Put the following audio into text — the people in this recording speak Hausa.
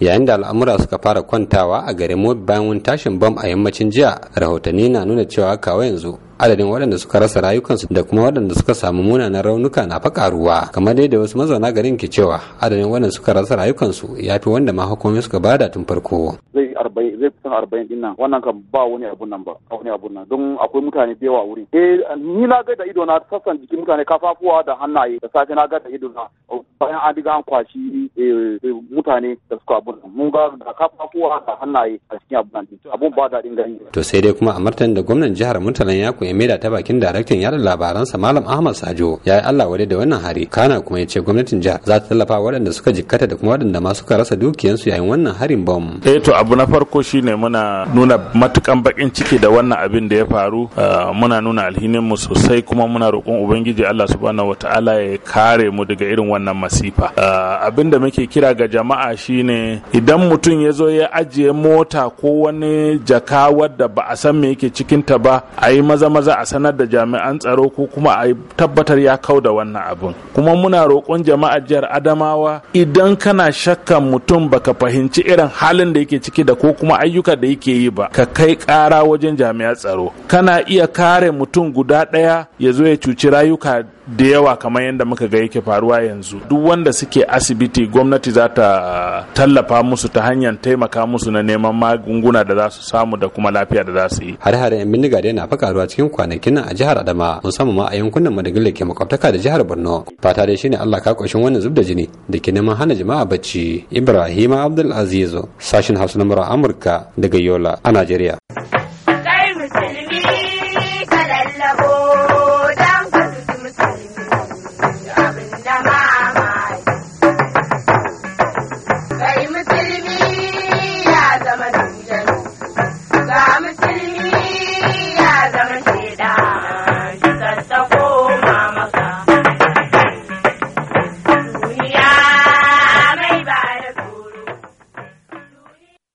yayin da al'amura suka fara kwantawa a garin mobi bayan wani tashin bam a yammacin jiya rahotanni na nuna cewa kawo yanzu adadin waɗanda suka rasa rayukansu da kuma waɗanda suka samu munanan raunuka na fakaruwa kamar dai da wasu mazauna garin ke cewa adadin waɗanda suka rasa rayukansu ya fi wanda ma hukumomi suka bada tun farko zai arba'in zai kusan arba'in din nan wannan kan ba wani abu nan ba wani abu nan don akwai mutane da yawa wurin eh ni na ga da ido na sassan jikin mutane kafafuwa da hannaye da safe na ga da ido na bayan an riga an kwashi eh, mutane da suka nan mun ga da kafafuwa da hannaye a cikin abu nan abun ba daɗin gani. to sai dai kuma a martanin da gwamnan jihar murtalan yako ya maida ta bakin daraktan yada labaransa malam ahmad sajo ya yi allah wadai da wannan hari kana kuma ya ce gwamnatin jihar za ta tallafa waɗanda suka jikkata da kuma waɗanda ma suka rasa dukiyansu yayin wannan harin bom. eh to abu na farko shine muna nuna matukan bakin ciki da wannan abin da ya faru ah, muna nuna alhinin mu sosai kuma muna roƙon ubangiji Allah subhanahu wataala ya kare mu daga irin wannan masifa ah, abin da muke kira ga jama'a shine idan mutum ya zo ya ajiye mota ko wani jaka wadda ba a san me yake cikin ta ba a yi maza maza a sanar da jami'an tsaro ko kuma a tabbatar ya kau da wannan abin kuma muna roƙon jama'a jihar Adamawa idan kana shakkan mutum baka fahimci irin halin da yake ciki da ko kuma ayyuka da yake yi ba ka kai ƙara wajen jami'an tsaro kana iya kare mutum guda ɗaya ya zo ya cuci rayuka da yawa kamar yadda muka ga yake faruwa yanzu duk wanda suke asibiti gwamnati za ta tallafa musu ta hanyar taimaka musu na neman magunguna da za su samu da kuma lafiya da za su yi hare-hare yan bindiga dai na fa karuwa cikin kwanakin nan a jihar adama musamman ma a yankunan madagali ke makwabtaka da jihar borno fata dai shine allah ka koshin wannan zub da jini da ke neman hana jama'a bacci ibrahim abdul aziz sashin hausa na amurka daga yola a najeriya Kai